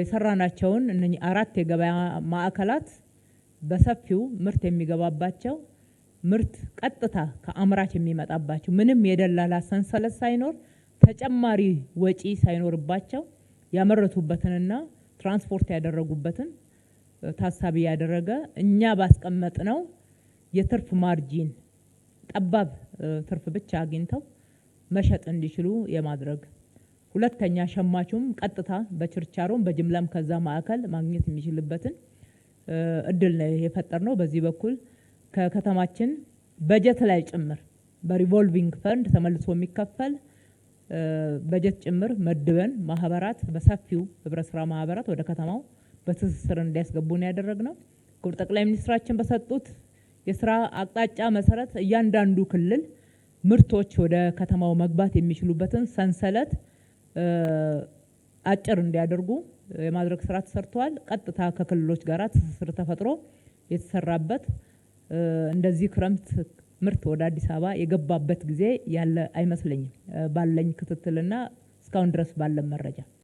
የሰራናቸውን እነ አራት የገበያ ማዕከላት በሰፊው ምርት የሚገባባቸው ምርት ቀጥታ ከአምራች የሚመጣባቸው ምንም የደላላ ሰንሰለት ሳይኖር ተጨማሪ ወጪ ሳይኖርባቸው ያመረቱበትንና ትራንስፖርት ያደረጉበትን ታሳቢ ያደረገ እኛ ባስቀመጥ ነው የትርፍ ማርጂን ጠባብ ትርፍ ብቻ አግኝተው መሸጥ እንዲችሉ የማድረግ ሁለተኛ ሸማቹም ቀጥታ በችርቻሮም በጅምላም ከዛ ማዕከል ማግኘት የሚችልበትን እድል ነው ነው። በዚህ በኩል ከከተማችን በጀት ላይ ጭምር በሪቮልቪንግ ፈንድ ተመልሶ የሚከፈል በጀት ጭምር መድበን ማህበራት በሰፊው ህብረስራ ስራ ማህበራት ወደ ከተማው በትስስር እንዲያስገቡ ነው ያደረግነው። ክቡር ጠቅላይ ሚኒስትራችን በሰጡት የስራ አቅጣጫ መሰረት እያንዳንዱ ክልል ምርቶች ወደ ከተማው መግባት የሚችሉበትን ሰንሰለት አጭር እንዲያደርጉ የማድረግ ስራ ተሰርተዋል ቀጥታ ከክልሎች ጋራ ትስስር ተፈጥሮ የተሰራበት እንደዚህ ክረምት ምርት ወደ አዲስ አበባ የገባበት ጊዜ ያለ አይመስለኝም። ባለኝ ክትትልና እስካሁን ድረስ ባለን መረጃ